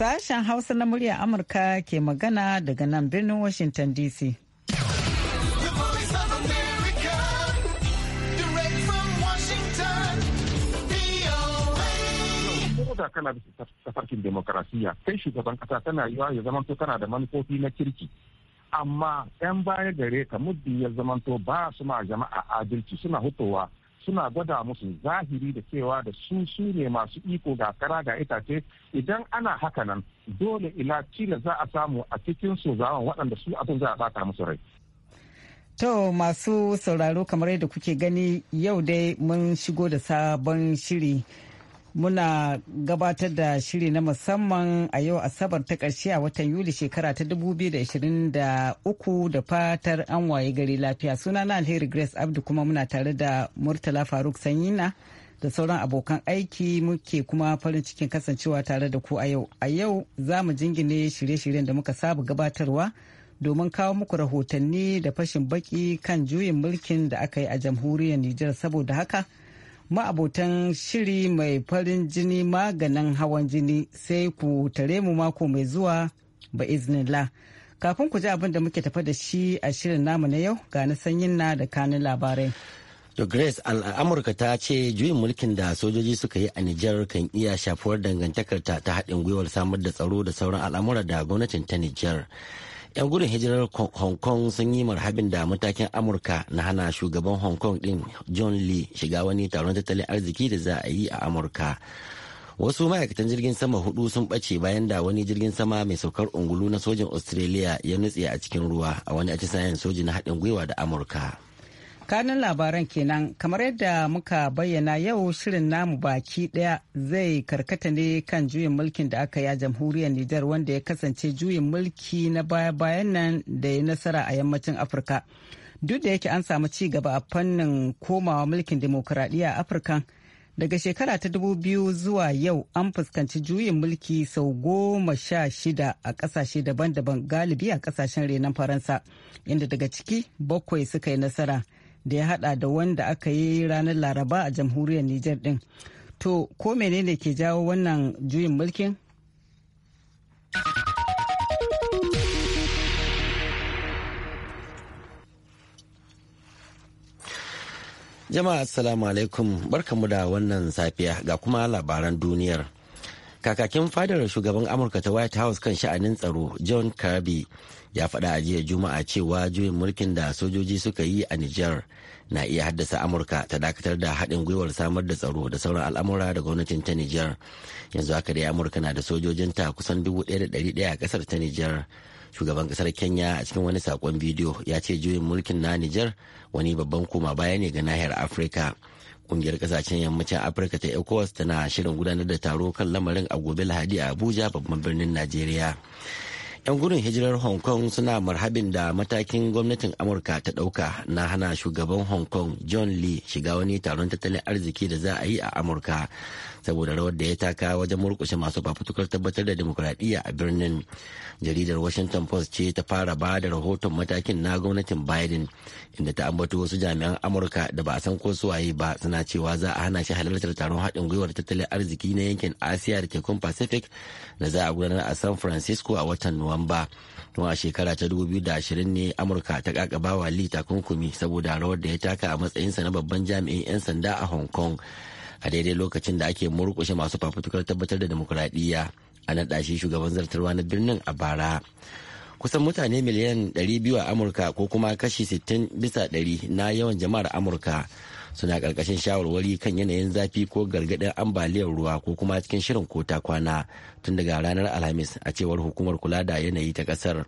Sashen Hausa na murya Amurka ke magana daga nan birnin Washington DC. da kana da tafarkin demokarasiya kai shugaban kasa tana yiwa ya zamanto kana da manufofi na kirki amma 'yan baya gare ka muddin ya zamanto ba su ma jama'a adalci suna hutowa suna gwada musu zahiri da cewa da su su ne masu iko ga kara ga itace idan ana haka nan dole ila cila za a samu a cikin su zawon waɗanda su abin za a bata musu rai. To masu sauraro kamar yadda kuke gani yau dai mun shigo da sabon shiri. muna gabatar da shiri na musamman a yau asabar ta ƙarshe a watan yuli shekara ta 2023 da fatar an waye gari lafiya suna na alheri grace abdu kuma muna tare da murtala faruk sanyina da sauran abokan aiki muke kuma farin cikin kasancewa tare da ku a yau a yau za mu jingine shirye-shiryen da muka saba gabatarwa domin kawo muku rahotanni da fashin baki kan juyin mulkin da aka yi a jamhuriyar nijar saboda haka ma'abotan shiri mai farin jini maganin hawan jini sai ku tare mu mako mai zuwa ba iznillah kafin ku ji abin da muke tafa da shi a shirin namu na yau ga na sanyin na da kanin labarai To Grace, Amurka ta ce juyin mulkin da sojoji suka yi a Nijar kan iya shafuwar dangantakarta ta haɗin gwiwar samar da tsaro da sauran al'amura da gwamnatin ta Nijar. 'yan gudun hijirar hong kong sun yi marhabin da matakin amurka na hana shugaban hong kong din john lee shiga wani taron tattalin arziki da za a yi a amurka wasu ma'aikatan jirgin sama hudu sun ɓace bayan da wani jirgin sama mai saukar ungulu na sojin australia ya nutse a cikin ruwa a wani atisayen soji na haɗin gwiwa da amurka kanin labaran kenan kamar yadda muka bayyana yau shirin namu baki daya zai karkata ne kan juyin mulkin da aka ya jamhuriyar nijar wanda ya kasance juyin mulki na baya-bayan nan da ya nasara a yammacin afirka duk da yake an samu ci gaba a fannin komawa mulkin demokuraɗiyya a afirka daga shekara ta dubu biyu zuwa yau an fuskanci juyin mulki sau goma sha shida a kasashe daban-daban galibi a kasashen renon faransa inda daga ciki bakwai suka yi nasara da ya hada da wanda aka yi ranar laraba a jamhuriyar nijar din to ko menene ke jawo wannan juyin mulkin jama'a assalamu alaikum barkamu da wannan safiya ga kuma labaran duniyar kakakin fadar shugaban amurka ta white house kan sha'anin tsaro john kirby ya faɗa a jiya juma'a cewa juyin mulkin da sojoji suka yi a niger na iya haddasa amurka ta dakatar da haɗin gwiwar samar da tsaro da sauran al'amura da gwamnatin ta niger yanzu haka dai amurka na da sojojinta kusan dubu ɗaya da ɗari ɗaya a ƙasar ta niger shugaban ƙasar kenya a cikin wani saƙon bidiyo ya ce juyin mulkin na niger wani babban koma baya ne ga nahiyar afirka Kungiyar kasashen yammacin Afirka ta ECOWAS tana shirin gudanar da taro kan lamarin a gobe Lahadi a Abuja babban birnin Najeriya. 'Yan gudun hijirar Hong Kong suna marhabin da matakin gwamnatin Amurka ta ɗauka na hana shugaban Hong Kong John Lee shiga wani taron tattalin arziki da za a yi a Amurka saboda rawar da ya taka wajen murkushe masu fafutukar tabbatar da demokuraɗiyya a birnin jaridar washington post ce ta fara ba da rahoton matakin na gwamnatin biden inda ta ambato wasu jami'an amurka da ba a san ko suwaye ba suna cewa za a hana shi halartar taron haɗin gwiwar tattalin arziki na yankin asiya da tekun pacific da za a gudanar a san francisco a watan nuwamba tun a shekara ta 2020 ne amurka ta kakaba wa li takunkumi saboda rawar da ya taka a matsayinsa na babban jami'in 'yan sanda a hong kong a daidai lokacin da ake murkushe masu fafutukar tabbatar da demokuraɗiyya a naɗa shi shugaban zartarwa na birnin a bara kusan mutane miliyan 200 a amurka ko kuma kashi 60 bisa 100 na yawan jama'ar amurka suna ƙarƙashin shawarwari kan yanayin zafi ko gargaɗin ambaliyar ruwa ko kuma cikin shirin kota kwana tun daga ranar alhamis a cewar hukumar kula da yanayi ta ƙasar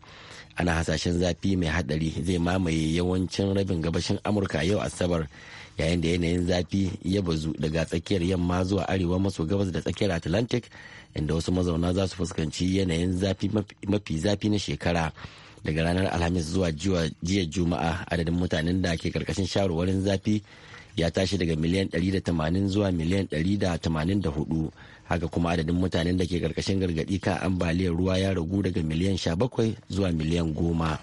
ana hasashen zafi mai haɗari zai mamaye yawancin rabin gabashin amurka yau asabar yayin da yanayin zafi ya bazu daga tsakiyar yamma zuwa arewa maso gabas da tsakiyar atlantic inda wasu mazauna za su fuskanci yanayin zafi mafi zafi na shekara daga ranar alhamis zuwa jiya juma'a adadin mutanen da ke karkashin shawarwarin zafi ya tashi daga miliyan 180 zuwa miliyan 184 haka kuma adadin mutanen da ke karkashin gargadi kan ambaliyar ruwa ya ragu daga miliyan 17 zuwa miliyan 10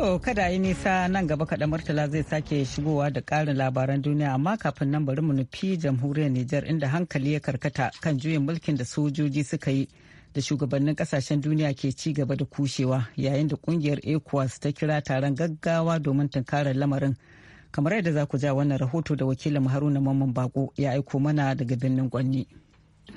To kada yi nisa nan gaba kaɗan Murtala zai sake shigowa da ƙarin labaran duniya amma kafin nan bari mu nufi jamhuriyar Nijar inda hankali ya karkata kan juyin mulkin da sojoji suka yi da shugabannin kasashen duniya ke ci gaba da kushewa yayin da kungiyar ECOWAS ta kira taron gaggawa domin tunkarar lamarin. Kamar yadda za ku ja wannan rahoto da wakilin Haruna Mamman Bako ya aiko mana daga birnin Gwanni.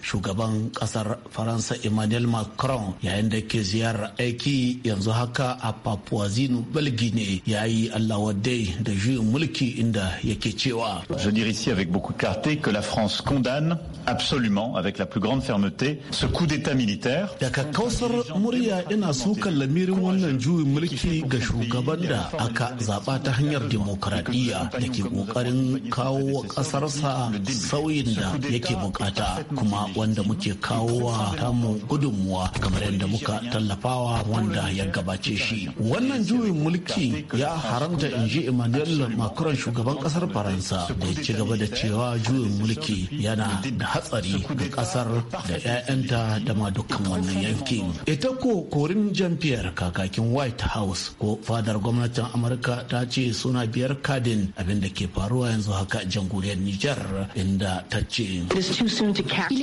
shugaban kasar faransa emmanuel macron yayin da ke ziyarar aiki yanzu haka a papua zinu belgi ne ya yi allawadai da juyin mulki inda yake cewa je dirai ici avec beaucoup de clarté que la france condamne absolument avec la plus grande fermeté ce coup d'état militaire daga kausar murya ina sukan lamirin wannan juyin mulki ga shugaban da aka zaba ta hanyar demokradiyya da ke kokarin kawo kasarsa sauyin da yake bukata kuma kuma wanda muke kawowa tamu gudunmuwa kamar yadda muka tallafawa wanda ya gabace shi wannan juyin mulki ya haramta in ji emmanuel macron shugaban kasar faransa da ya ci gaba da cewa juyin mulki yana da hatsari ga kasar da 'ya'yanta da ma dukkan wannan yankin ita ko korin jean pierre kakakin white house ko fadar gwamnatin amurka ta ce suna biyar kadin abinda ke faruwa yanzu haka jamhuriyar niger inda ta ce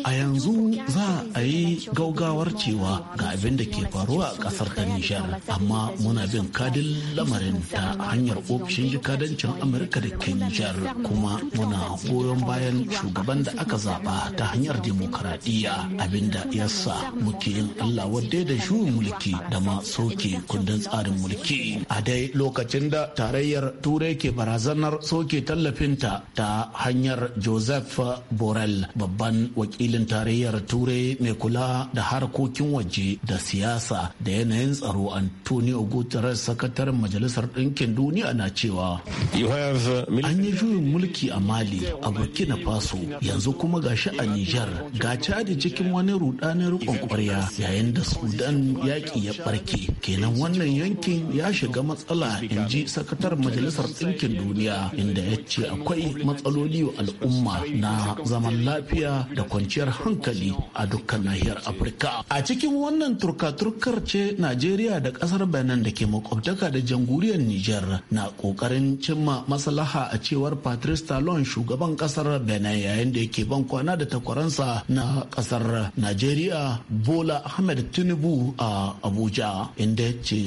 a yanzu za a yi gaugawar cewa ga abin da ke faruwa a ƙasar ta Nijar, amma muna bin kadin lamarin ta hanyar ofishin jikadancin Amurka da ke Nijar kuma muna goyon bayan shugaban da aka zaba ta hanyar demokaradiyya abinda yasa muke yin Allah wadda da juyin mulki da ma soke kundin tsarin mulki. A dai lokacin da tarayyar Turai ke barazanar soke tallafinta ta hanyar Joseph Borel, babban wakili. wakilin tarayyar turai mai kula da harkokin waje da siyasa da yanayin tsaro antonio guterres sakataren majalisar ɗinkin duniya na cewa uh, an yi juyin mulki a mali a burkina faso yanzu kuma gashi a nijar ga da cikin wani rudanar rikon yayin da sudan yaƙi ya barke kenan wannan yankin ya shiga matsala in ji sakataren majalisar ɗinkin duniya inda ya ce akwai matsaloli wa al'umma na zaman lafiya da kwanciyar kwanciyar hankali a dukkan nahiyar afirka a cikin wannan turka-turkar ce najeriya da kasar benin da ke makwabtaka da jamhuriyar niger na kokarin cimma maslaha a cewar patrice talon shugaban kasar benin yayin da yake ban kwana da takwaransa na kasar najeriya bola ahmed tinubu a abuja inda ce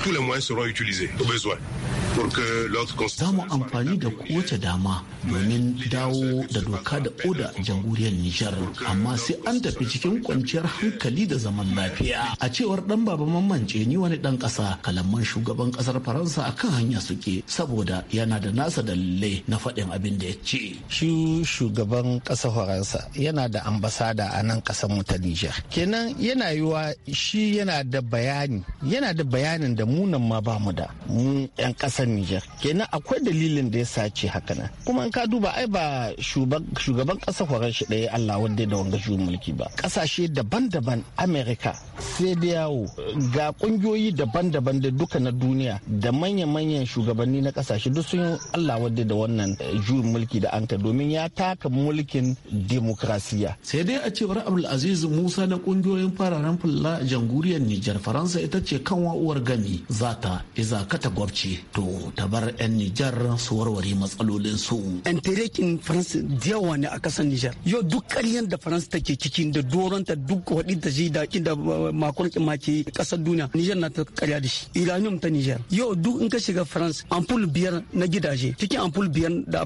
za mu amfani da kowace dama domin dawo da doka da oda jamhuriyar niger amma sai an tafi cikin kwanciyar hankali da zaman lafiya a cewar dan baba mamance ni wani dan kasa kalamman shugaban kasar faransa akan hanya suke saboda yana da nasa dalilai na faɗin abin da ya ce shi shugaban kasar faransa yana da ambasada a nan ƙasar mu ta nijar kenan yana yiwa shi yana da bayani yana da bayanin da munan ma ba mu da mu yan kasar nijar kenan akwai dalilin da ya sace haka nan kuma in ka duba ai ba shugaban ƙasar faransa ɗaya allah wanda da wanga shugaban juyin mulki ba kasashe daban-daban america sai da yawo ga kungiyoyi daban-daban da duka na duniya da manya-manyan shugabanni na kasashe duk sun yi allah wadda da wannan eh, juyin mulki da anka domin ya taka mulkin demokrasiya sai dai a cewar abdulaziz musa na kungiyoyin fararen fulla jamhuriyar nijar faransa ita ce kan uwar gami za ta iza kata gwabci to ta bar 'yan nijar su warware matsalolin su yan terekin faransa ne a kasar nijar yau duk ƙaryen da faransa ta take cikin da doronta duk ta zai da inda makonkin ma kasar duniya Niger na ta karya da shi uranium ta Niger yau duk in ka shiga France ampul biyar na gidaje cikin ampul biyar da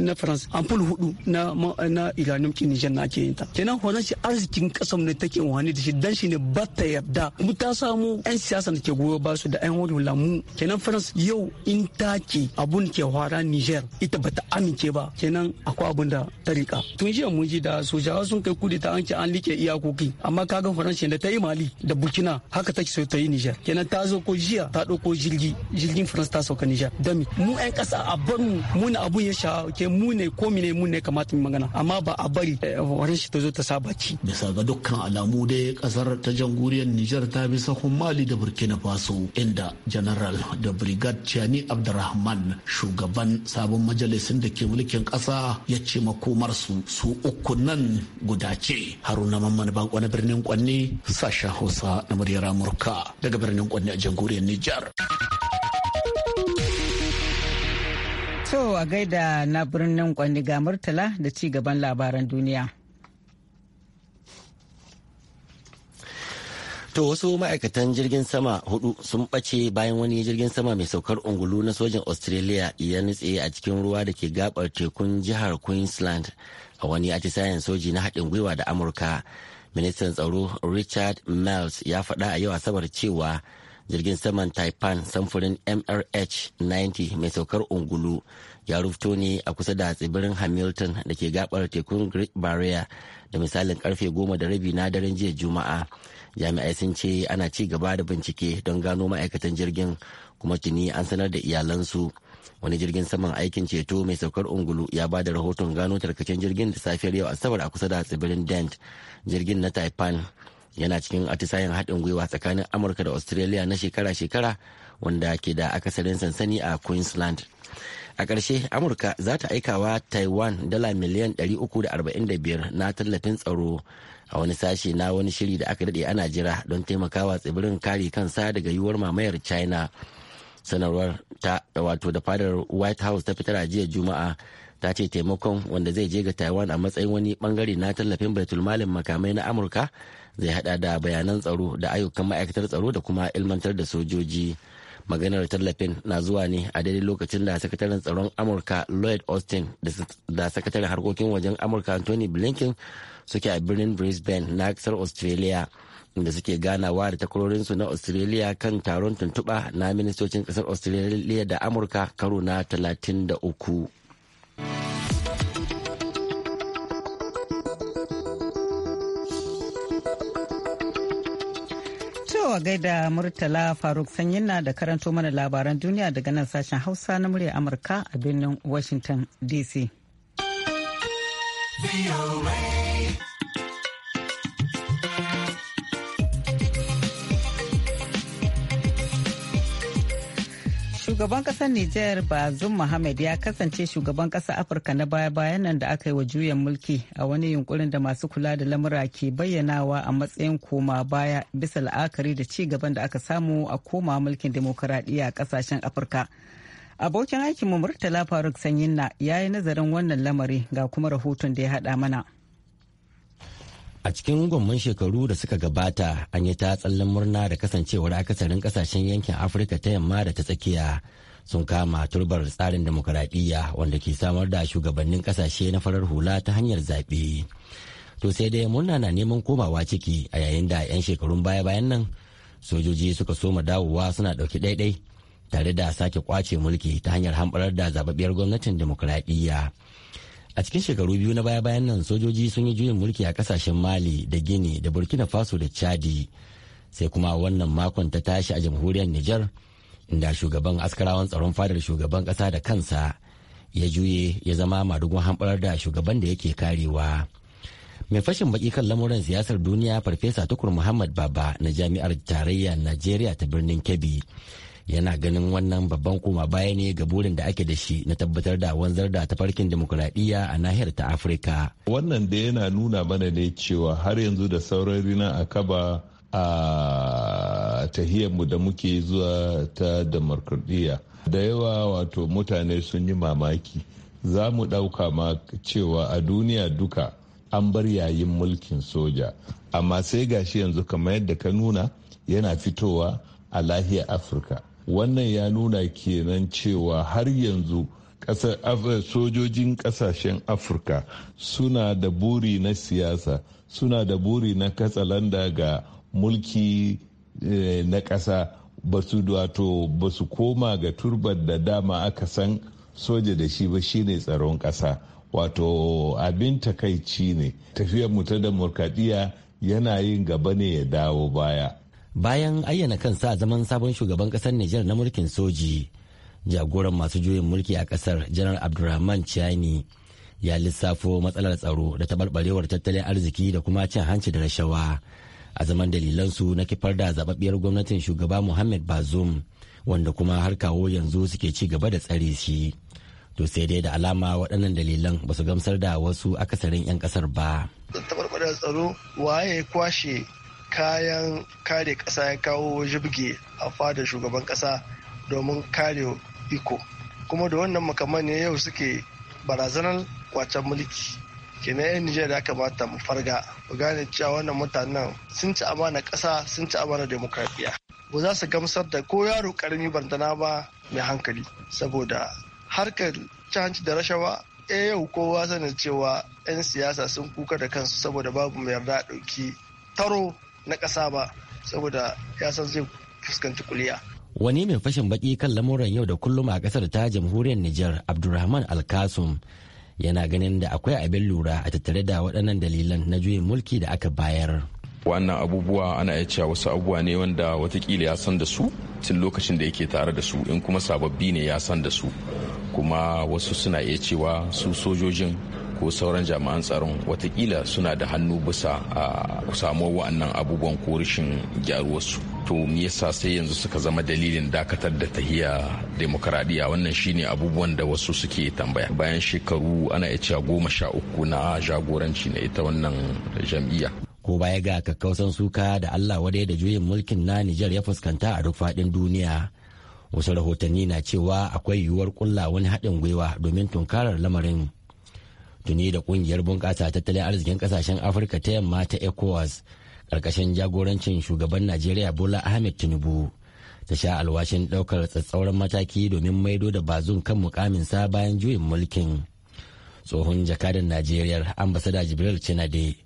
na France ampul hudu na na uranium ki Niger na ke yin ta kenan horon shi arzikin kasar ne take wani da shi dan shi ne ba ta yarda mu ta samu yan siyasa da ke goyo ba su da yan wani mu kenan France yau in take abun ke hwara Niger ita bata amince ba kenan akwai abun da ta rika tun jiya mun ji da sojawa sun kai kudi ta an ce an liƙe iyakoki amma kaga faransa da ta yi mali da burkina haka ta take so ta yi nijar kenan ta zo ko jiya ta ɗauko jirgi jirgin faransa ta sauka nijar dami mu 'yan ƙasa a bar mu mu ne abun ya ke mu ne ko mu ne mu ne kamata mu magana amma ba a bari eh, faransa ta zo ta saba ci. bisa ga dukkan alamu dai kasar ta jamhuriyar nijar ta bi sahun mali da burkina faso inda general da brigad chani abdurrahman shugaban sabon majalisin da ke mulkin ƙasa ya ce makomarsu su uku nan guda ce haruna mamman bako na birnin kwanni sasha hausa na muryar amurka daga birnin kwanni a jamhuriyar nijar to a gaida na birnin kwanne ga murtala da ci gaban labaran duniya To wasu ma'aikatan jirgin sama hudu sun ɓace bayan wani jirgin sama mai saukar ungulu na sojin Australia ya nutse a cikin ruwa da ke gabar tekun jihar Queensland a wani atisayen soji na haɗin gwiwa da Amurka. Ministan tsaro Richard Miles ya faɗa a yau Asabar cewa jirgin saman Taipan samfurin MRH 90 mai saukar ungulu ya rufto ne a kusa da tsibirin Hamilton da ke gabar tekun Great Barrier da misalin karfe goma da rabi na daren jiya Juma'a. jami'ai sun ce ana ci gaba da bincike don gano ma'aikatan jirgin kuma tuni an sanar da iyalansu wani jirgin saman aikin ceto mai saukar ungulu ya ba da rahoton gano tarkacen jirgin da safiyar yau asabar a kusa da tsibirin dent jirgin na taipan yana cikin atisayen haɗin gwiwa tsakanin amurka da australia na shekara-shekara wanda ke da akasarin sansani a queensland a ƙarshe amurka za ta aika wa taiwan dala miliyan 345 na tallafin tsaro a wani sashe na wani shiri da aka daɗe ana jira don taimakawa tsibirin kare kansa daga yiwuwar mamayar china sanarwar ta wato da fadar white house ta fitar jiya juma'a ta ce taimakon wanda zai je ga taiwan a matsayin wani bangare na tallafin baitulmalin makamai na amurka zai hada da bayanan tsaro da ayyukan ma'aikatar tsaro da kuma ilmantar da sojoji. maganar tallafin na zuwa ne a daidai lokacin da sakataren tsaron amurka lloyd austin da sakataren harkokin wajen amurka anthony blinken suke a birnin brisbane na kasar australia inda suke ganawa da takwarorinsu na australia kan taron tuntuɓa na ministocin kasar australia da amurka karo na 33 a gaida Murtala Faruk na da karanto mana labaran duniya daga nan sashen Hausa na murya Amurka a birnin Washington DC. Shugaban kasar Nijar Bazum Mohammed ya kasance shugaban kasar Afirka na baya-bayan nan da aka yi wa juyan mulki a wani yunkurin da masu kula da lamura ke bayyanawa a matsayin koma baya bisa la'akari da ci gaban da aka samu a koma mulkin demokuraɗiyya a kasashen Afirka. Abokin aikinmu Murtala Faruk Sanyinna ya yi nazarin wannan lamari ga kuma rahoton da ya haɗa mana. a cikin gwamman shekaru da suka gabata an yi ta tsallen murna da kasancewar akasarin kasashen yankin afirka ta yamma da ta tsakiya sun kama turbar tsarin demokuraɗiyya wanda ke samar da shugabannin kasashe na farar hula ta hanyar zaɓe to sai dai murna na neman komawa ciki a yayin da 'yan shekarun baya-bayan nan sojoji suka soma dawowa suna ɗauki ɗaiɗai tare da sake kwace mulki ta hanyar hanbarar da zababiyar gwamnatin demokuraɗiyya a cikin shekaru biyu na baya-bayan nan sojoji sun yi juyin mulki a kasashen mali da gini da burkina faso da chadi sai kuma wannan makon ta tashi a jamhuriyar niger inda shugaban askarawan tsaron fadar shugaban kasa da kansa ya juye ya zama madugun hamɓarar da shugaban da yake karewa mai fashin baki kan lamuran siyasar duniya farfesa tukur muhammad baba na jami'ar tarayya najeriya ta birnin kebbi yana ganin wannan babban koma baya ne ga burin da ake da shi na tabbatar da wanzar da tafarkin demokuraɗiyya a nahiyar ta afirka wannan da yana nuna mana ne cewa har yanzu da sauran rina a kaba a tahiyarmu da muke zuwa ta demokuraɗiyya da yawa wato mutane sun yi mamaki za mu ɗauka ma cewa a duniya duka an bar yayin mulkin soja amma sai gashi yanzu kamar yadda ka nuna yana fitowa a lahiyar afirka wannan ya nuna kenan cewa har yanzu sojojin kasashen afirka suna da buri na siyasa suna da buri na katsalanda ga mulki eh, na kasa ba su wato ba koma ga turbar da dama aka san soja da shi ba shine tsaron kasa wato abin takaici ne tafiyar mu ta da yana yin gaba ne ya dawo baya bayan ayyana kansa a zaman sabon shugaban kasar Nijar na mulkin soji jagoran masu juyin mulki a kasar janar Abdulrahman Chiani ya lissafo matsalar tsaro da taɓarɓarewar tattalin arziki da kuma cin hanci da rashawa a zaman dalilansu na kifar da zababbiyar gwamnatin shugaba Muhammad Bazoum wanda kuma har kawo yanzu suke ci gaba da tsare shi to sai dai da alama waɗannan dalilan ba su gamsar da wasu akasarin 'yan ƙasar ba. Taɓarɓarar tsaro waye kwashe kayan kare ƙasa ya kawo jibge a fada shugaban ƙasa domin kare iko kuma da wannan makaman ne yau suke barazanar kwacen mulki kenan yan nijar aka kamata mu farga mu gane cewa wannan mutanen sun ci amana ƙasa sun ci amana demokradiyya ba za su gamsar da ko yaro karami bandana ba mai hankali saboda harkar canji da rashawa e yau kowa sanin cewa 'yan siyasa sun kuka da kansu saboda babu mai yarda dauki taro na ƙasa ba saboda ya san zai fuskanci kuliya. Wani mai fashin baki kan lamuran yau da kullum a ƙasar ta jamhuriyar Nijar Abdulrahman Alkasum yana ganin da akwai abin lura a tattare da waɗannan dalilan na juyin mulki da aka bayar. Wannan abubuwa ana iya cewa wasu abubuwa ne wanda watakila ya san da su tun lokacin da yake tare da su in kuma sababbi ne ya san da su kuma wasu suna iya cewa su sojojin ko sauran jami'an tsaron watakila suna da hannu bisa a samuwar wa'annan abubuwan ko rashin gyaruwarsu to me yasa sai yanzu suka zama dalilin dakatar da tahiya demokradiya wannan shine abubuwan da wasu suke tambaya bayan shekaru ana iya cewa goma sha uku na jagoranci na ita wannan jam'iyya ko baya ga kakkausan suka da allah wadai da juyin mulkin na nijar ya fuskanta a duk faɗin duniya wasu rahotanni na cewa akwai yiwuwar kulla wani haɗin gwiwa domin tunkarar lamarin tuni da kungiyar bunƙasa tattalin arzikin ƙasashen afirka ta yamma ta ecowas ƙarƙashin jagorancin shugaban najeriya bola ahmed tinubu ta sha alwashin ɗaukar tsatsauran mataki domin maido da bazun kan mukaminsa bayan juyin mulkin tsohon jakadan najeriya ambasada jibril cinade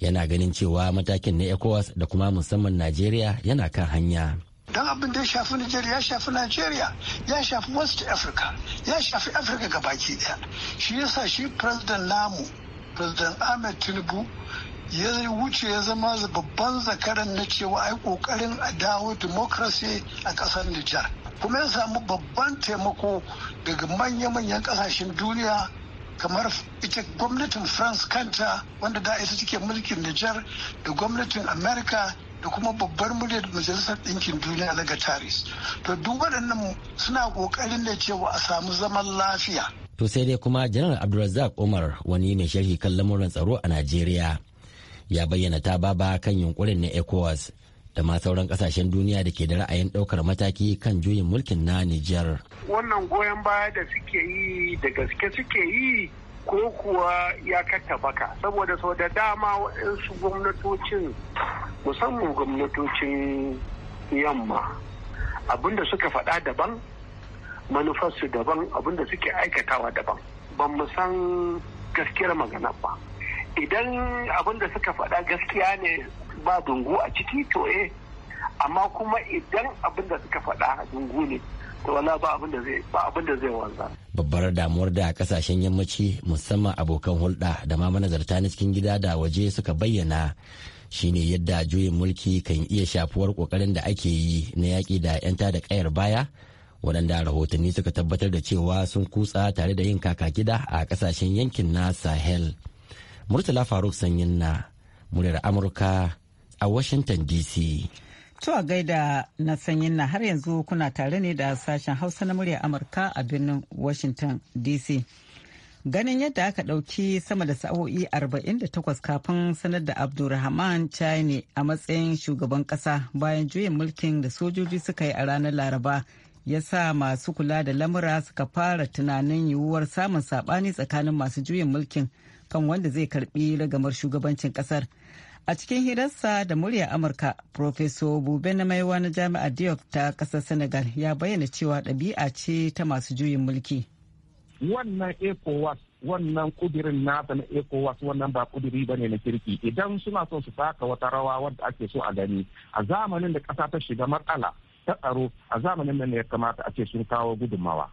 yana ganin cewa matakin na ecowas da kuma musamman najeriya yana kan hanya don abin da ya shafi Nigeria ya shafi Nigeria ya shafi West Africa ya shafi Africa gabaki daya shi yasa shi president namu president Ahmed Tinubu ya wuce ya zama babban zakaran na cewa ai kokarin a dawo democracy a kasar Nijar kuma ya samu babban taimako daga manya-manyan kasashen duniya kamar ita gwamnatin France kanta wanda da ita take mulkin Nijar da gwamnatin America da kuma babbar muryar majalisar ɗinkin duniya daga taris to duk waɗannan suna ƙoƙarin da cewa a samu zaman lafiya to sai dai kuma janar abdulrazak umar wani mai sharhi kan lamuran tsaro a najeriya ya bayyana ta baba kan yunkurin na ecowas da ma sauran kasashen duniya da ke da ra'ayin ɗaukar mataki kan juyin mulkin na niger wannan goyon baya da suke yi da gaske suke yi ko kuwa ya katta baka saboda sau da dama waɗansu gwamnatocin musamman gwamnatocin yamma abinda suka faɗa daban manufarsu daban abinda suke aikatawa daban ban mu san gaskiyar magana ba idan abinda suka faɗa gaskiya ne ba dungu a ciki to eh amma kuma idan abinda suka faɗa dungu ne to wala ba abinda zai wanzar babbar damuwar da kasashen yammaci musamman abokan hulɗa da ma manazarta na cikin gida da waje suka bayyana shine yadda juyin mulki kan iya shafuwar kokarin da ake yi na yaƙi da 'yan da ƙayar baya waɗanda rahotanni suka tabbatar da cewa sun kutsa tare da yin kaka gida a kasashen yankin na sahel murtala faruk sanyin na muryar amurka a washington dc Tuwa gaida na sanyin na har yanzu kuna tare ne da sashen Hausa na murya Amurka a birnin Washington DC. Ganin yadda aka ɗauki sama da sa'o'i 48 kafin sanar da Abdulrahman Chani a matsayin shugaban ƙasa bayan juyin mulkin da sojoji suka yi a ranar Laraba ya sa masu kula da lamura suka fara tunanin yiwuwar samun saɓani tsakanin masu juyin mulkin kan wanda zai karɓi ragamar shugabancin ƙasar. A cikin hirarsa da murya Amurka, Profesor Bube na maiwa na Jami'ar Diok ta ƙasar Senegal ya bayyana cewa ɗabi'a ce ta masu juyin mulki. Wannan ECOWAS, wannan kudirin nasa na ECOWAS wannan ba kudiri ne na kirki idan suna so su taka wata rawa wadda ake so a gani a zamanin da ƙasa ta shiga matsala ta tsaro a zamanin nan ne ya kamata a ce sun kawo gudunmawa.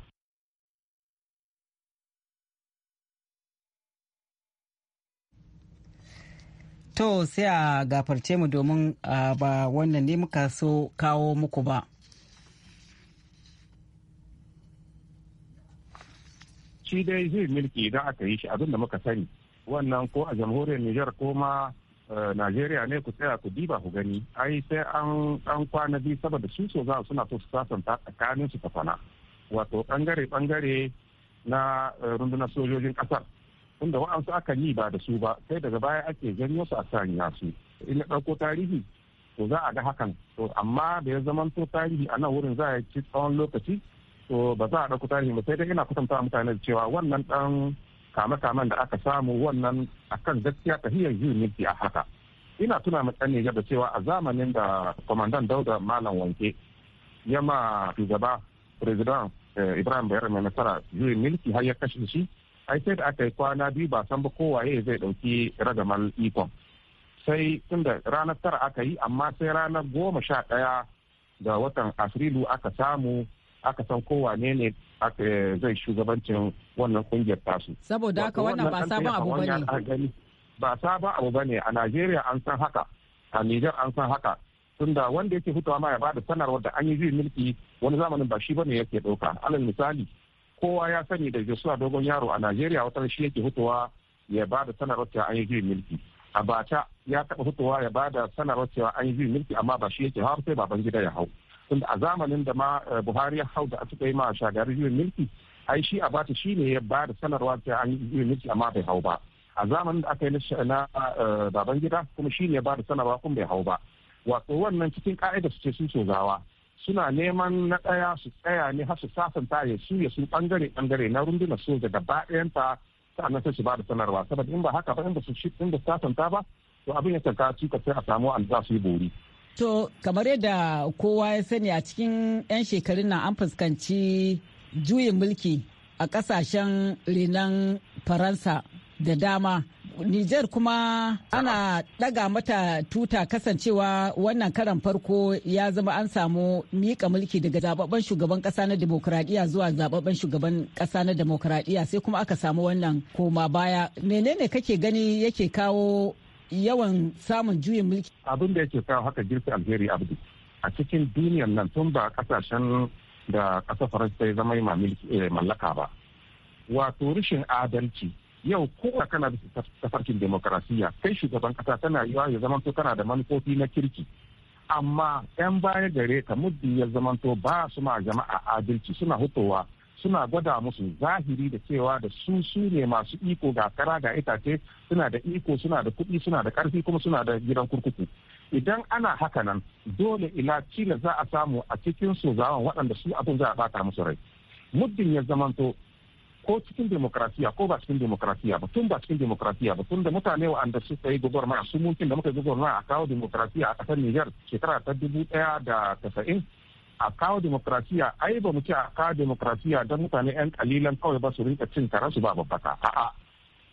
To sai a gafarce mu domin ba wannan ne muka so kawo muku ba. Shi dai zai mulki idan aka yi shi abin da muka sani wannan ko a jamhuriyar Nijar ko ma e, Najeriya ne ku tsaya ku diba ku gani ai sai an kwana biyu saboda su so za suna so su sasanta tsakanin su ta kwana wato bangare bangare na e, rundunar sojojin kasar tunda wa'ansu aka yi ba da su ba sai daga baya ake janyo su a sanya su in ɗauko tarihi to za a ga hakan to amma da ya zama to tarihi a nan wurin za a ci tsawon lokaci to ba za a ɗauko tarihi ba sai dai ina kwatanta mutane da cewa wannan ɗan kame-kamen da aka samu wannan akan gaskiya tahiyar mulki a haka ina tuna mutane da cewa a zamanin da kwamandan dauda malam wanke ya ma shugaba president eh, ibrahim bayar mai nasara yi milki har ya kashe shi ai sai da aka yi kwana biyu ba san ba kowaye zai ɗauki ragamar ikon sai tunda ranar tara aka yi amma sai ranar goma sha ɗaya da watan afrilu aka samu aka san kowane ne eh, zai shugabancin wannan kungiyar tasu saboda haka wannan ba sabon abu bane ba sabon abu bane a najeriya an san haka a niger an san haka tunda wanda yake fitowa ma ya bada sanarwar da an yi zai mulki wani zamanin ba shi bane yake ɗauka alal misali kowa ya sani da Josua Dogon Yaro a Najeriya wata shi yake fitowa ya ba da sanarwar cewa an yi juyin mulki. A bata ya taɓa fitowa ya ba da sanarwar cewa an yi juyin mulki amma ba shi yake har sai baban gida ya hau. Tunda a zamanin da ma eh, Buhari ya hau da aka yi ma shagari juyin mulki ai shi a bata shi ne ya ba da sanarwa cewa an yi juyin mulki amma bai hau ba. A zamanin da aka yi na eh, baban gida kuma shi ne ya ba da sanarwa kuma bai hau ba. Wato wannan cikin ka'ida su ce sun so gawa. suna neman na ɗaya su tsaya ne har su sasanta ya shirya su bangare bangare na rundunar soja da ɗayanta sannan sai su ba da sanarwa saboda in ba haka ba in ba su sasanta ba to abin ya tanka tuka sai a samu yi bori To kamar yadda kowa ya sani a cikin 'yan shekarun nan an fuskanci juyin mulki a kasashen renan Faransa da dama Nijar kuma ana daga mata tuta kasancewa wannan karan farko ya zama an samu mika mulki daga zababben shugaban ƙasa na demokuraɗiyya zuwa zababben shugaban ƙasa na demokuraɗiyya sai kuma aka samu wannan koma baya. Menene kake gani yake kawo yawan samun juyin mulki? Abin da yake kawo haka girki alheri abdu a cikin duniyar nan tun ba kasashen da kasa faransa ya zama eh, mallaka ba. Wato rashin adalci yau kowa kana da tafarkin demokarasiya kai shugaban kasa tana yiwa ya zamanto kana da manufofi na kirki amma 'yan baya gare ka muddin ya zamanto ba su ma jama'a adalci suna hutowa suna gwada musu zahiri da cewa da su su ne masu iko ga kara ga itace suna da iko suna da kuɗi suna da ƙarfi kuma suna da gidan kurkuku idan ana haka nan dole ila cila za a samu a cikin su zawon waɗanda su abin za a musu rai muddin ya zamanto ko cikin demokrasiya ko ba cikin demokrasiya ba tun ba cikin demokrasiya ba tun da mutane wa'anda suka yi gwagwarmaya su mulkin da muka yi mara a kawo demokrasiya a kasar Nijar shekara ta dubu ɗaya da tasa'in a kawo demokrasiya ai ba mu ce a kawo demokrasiya don mutane 'yan kalilan kawai ba su rinka cin tare su ba babbaka a'a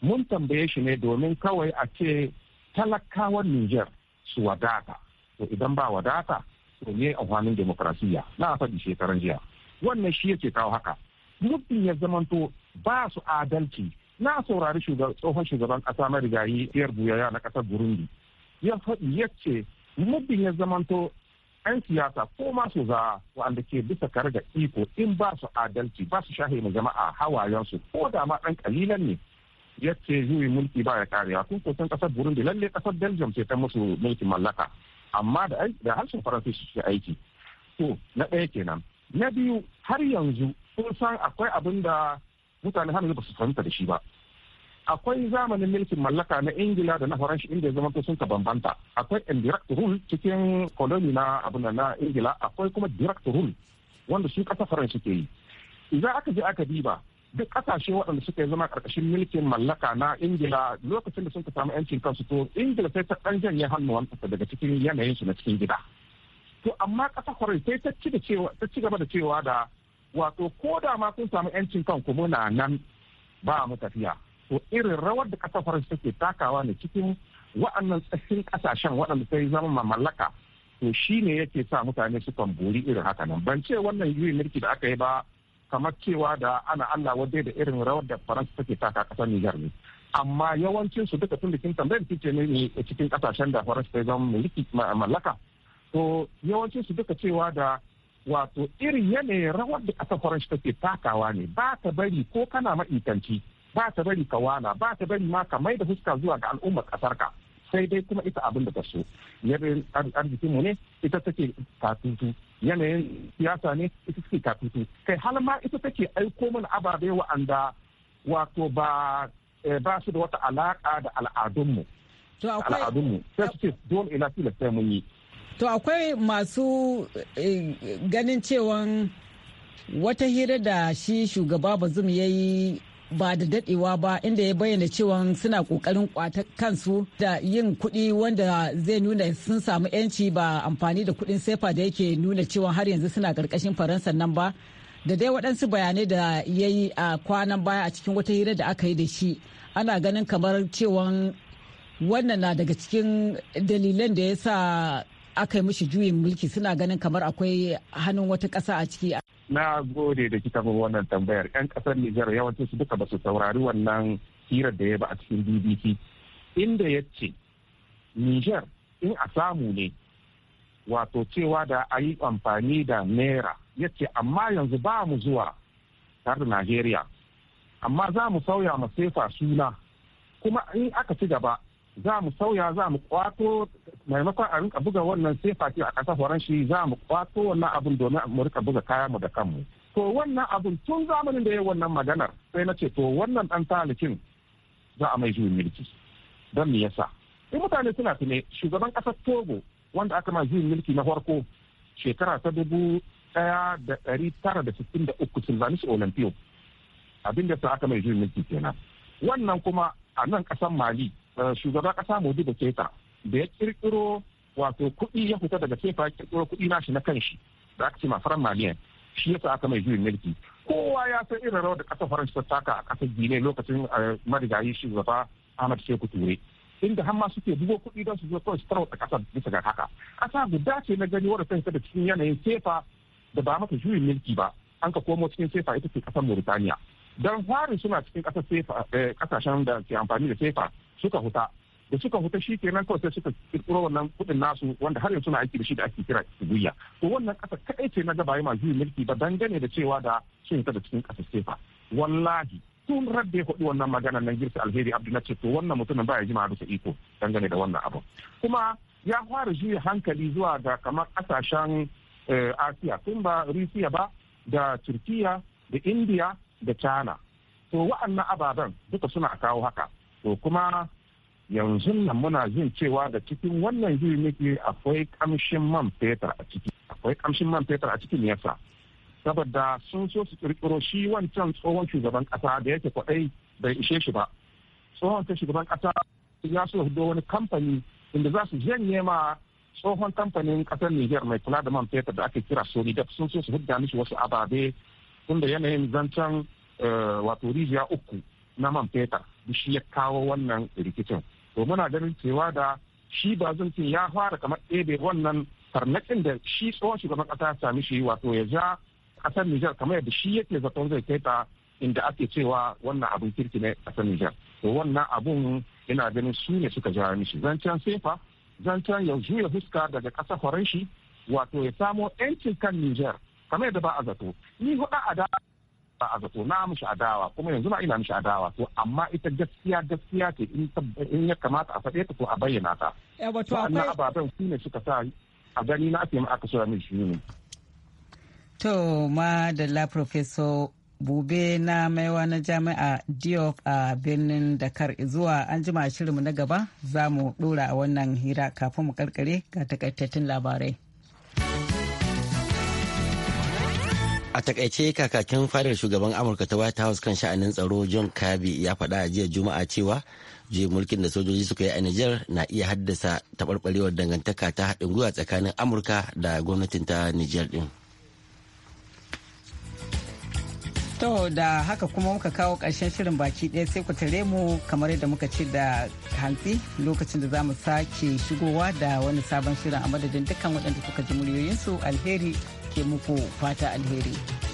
mun tambaye shi ne domin kawai a ce talakawan Nijar su wadata to idan ba wadata to ne amfanin demokrasiya na faɗi shekaran jiya wannan shi yake kawo haka muddin ya zamanto ba su adalci na saurari tsohon shugaban kasa marigayi yar Buyaya na ƙasar Burundi ya faɗi ya ce muddin ya zamanto 'yan siyasa ko masu za wanda ke bisa kare da iko in ba su adalci ba su shahe jama'a hawayensu ko da ma ɗan kalilan ne ya ce yi mulki ba ya kariya kun kusan ƙasar burundi lalle ƙasar belgium ce ta musu mulkin mallaka amma da harshen faransa su aiki to na ɗaya kenan na biyu har yanzu kun san akwai abin da mutane har ba su fahimta da shi ba akwai zamanin mulkin mallaka na ingila da na faranshi inda ya zama sun ka bambanta akwai indirect rule cikin koloni na abin na ingila akwai kuma direct rule wanda su kasa faranshi ke yi idan aka je aka diba duk kasashe waɗanda suka zama ƙarƙashin mulkin mallaka na ingila lokacin da sun ka samu yancin kansu to ingila sai ta ɗan janye hannuwanta daga cikin yanayinsu na cikin gida to amma kasa faranshi sai ta ci gaba da cewa da wato ko da ma kun samu yancin kan kuma na nan ba mu tafiya to irin rawar da kasar faransa take takawa ne cikin wa'annan tsaffin kasashen waɗanda sai zama mallaka to shi ne yake sa mutane sukan bori irin haka nan ban ce wannan yuri mulki da aka yi ba kamar cewa da ana Allah wadda da irin rawar da faransa take taka kasar Nijar ne amma yawancin su duka tun da kin tambayar kice ne cikin kasashen da faransa sai zama mulki mallaka to yawancin su duka cewa da wato irin yanayin rawar da ƙasar faransa take takawa ne ba ta bari ko kana ma'ikanci ba ta bari ka wala ba ta bari ma ka mai da fuska zuwa ga al'ummar ƙasar ka sai dai kuma ita abin da ta so yanayin mu ne ita take katutu yanayin siyasa ne ita take katutu kai har ma ita take aiko mana ababe wa'anda wato ba eh, ba su da wata alaƙa da al'adunmu al'adunmu sai su ce dole ina tilasta mun yi to akwai masu eh, ganin cewan wata hira da shi shugaba bazum ya yi ba da dadewa ba inda ya bayyana cewa suna kokarin kwata kansu da yin kuɗi wanda zai nuna sun samu yanci ba amfani da kuɗin sefa da yake nuna cewa har yanzu suna karkashin faransa nan ba da dai waɗansu bayanai da ya yi a kwanan baya a cikin wata hira da aka yi da shi ana ganin kamar cewa wannan na daga cikin dalilan da ya sa aka yi mishi juyin mulki suna ganin kamar akwai hannun wata ƙasa a ciki. Na gode da kika min wannan tambayar. 'Yan ƙasar Nijar yawancin su duka ba su saurari wannan hirar da ya ba a cikin BBC. Inda ya ce, Nijar in a samu ne, wato cewa da a yi amfani da naira ya ce amma yanzu ba mu zuwa tare da Najeriya. Amma za mu sauya ma sefa suna. Kuma in aka ci gaba za mu sauya za mu kwato maimakon a rinka buga wannan sai Fati a ƙasar horon shi za mu kwato wannan abin domin mu rinka buga kaya mu da kanmu to wannan abin tun zamanin da ya wannan maganar sai na ce to wannan ɗan talikin za a mai juyin mulki don me yasa in mutane suna tune shugaban ƙasar togo wanda aka ma juyin mulki na farko shekara ta dubu ɗaya da ɗari tara da sittin da uku silvanus olympio abinda da aka mai juyin mulki kenan wannan kuma a nan ƙasar mali Eh, shugaban kasa da Keta da ya kirkiro wato kuɗi ya fita daga kefa kirkiro kuɗi nashi na kan shi da aka ce ma faran maliyan shi yasa aka mai juyin mulki kowa ya san irin rawar da ƙasar faransa ta taka a ƙasar gine lokacin eh, marigayi shugaba ahmad sheku ture inda har ma suke bugo kuɗi don su zo kawai su tarwata ƙasar bisa ga haka ƙasa guda ce na gani wadda ta fita da cikin yanayin sefa da ba mata juyin mulki ba an ka komo cikin sefa ita ce ƙasar mauritaniya don hari suna cikin eh, ƙasashen da ke amfani da kefa suka huta da suka huta shi kenan kawai sai suka kirkiro wannan kudin nasu wanda har yanzu na aiki da shi da ake kira guya to wannan kasa kadai ce na gaba ma juyin mulki ba dangane da cewa da sun ta da cikin kasa ba wallahi tun rabbe ya faɗi wannan magana na girsa alheri abdu na ce to wannan mutumin ba ya jima bisa iko dangane da wannan abu kuma ya fara juya hankali zuwa ga kamar kasashen eh, asiya tun ba rusiya ba da turkiya da indiya da china to wa'annan ababen duka suna kawo haka to kuma yanzu nan muna jin cewa da cikin wannan gini nake akwai kamshin man fetur a ciki akwai kamshin man fetur a cikin yasa saboda sun so su kirkiro shi wancan tsohon shugaban kasa da yake kwaɗai bai ishe shi ba tsohon ta shugaban kasa ya so hudo wani kamfani inda za su janye ma tsohon kamfanin kasar niger mai kula da man fetur da ake kira solidar sun so su hudda mishi wasu ababe tunda yanayin zancen eh, wato rijiya uku na man fetur shi ya kawo wannan rikicin to muna ganin cewa da shi ba ce ya fara kamar ɗebe wannan farnakin da shi tsohon shugaban ƙasa ya sami shi wato ya ja ƙasar Nijar kamar yadda shi yake zaton zai kai ta inda ake cewa wannan abin kirki ne ƙasar Nijar to wannan abun ina ganin su ne suka ja mishi zancen sefa zancen ya juya fuska daga ƙasar farashi wato ya samo 'yancin kan Nijar kamar yadda ba a zato ni huɗa a da ba a zato na mishi adawa kuma yanzu ba ina mishi adawa to amma ita gaskiya gaskiya ce in ya kamata a faɗe ta to a bayyana ta. Eh, wannan ababen su ne suka sa a gani na ake aka shirya min shi ne. To madalla Professor Bube na maiwa na jami'a Diop a birnin Dakar zuwa an jima shirinmu na gaba za mu dora a wannan hira kafin mu karkare ga takaitattun labarai. A takaice kakakin fadar shugaban Amurka ta White House kan sha'anin tsaro John Kirby ya faɗa a jiya Juma'a cewa juyin mulkin da sojoji suka yi a Nijar na iya haddasa taɓarɓarewar dangantaka ta haɗin gwiwa tsakanin Amurka da gwamnatin ta Nijar ɗin. To da haka kuma muka kawo ƙarshen shirin baki ɗaya sai ku tare mu kamar yadda muka ce da hantsi lokacin da za mu sake shigowa da wani sabon shirin a madadin dukkan waɗanda kuka ji muryoyinsu alheri ke muku fata alheri.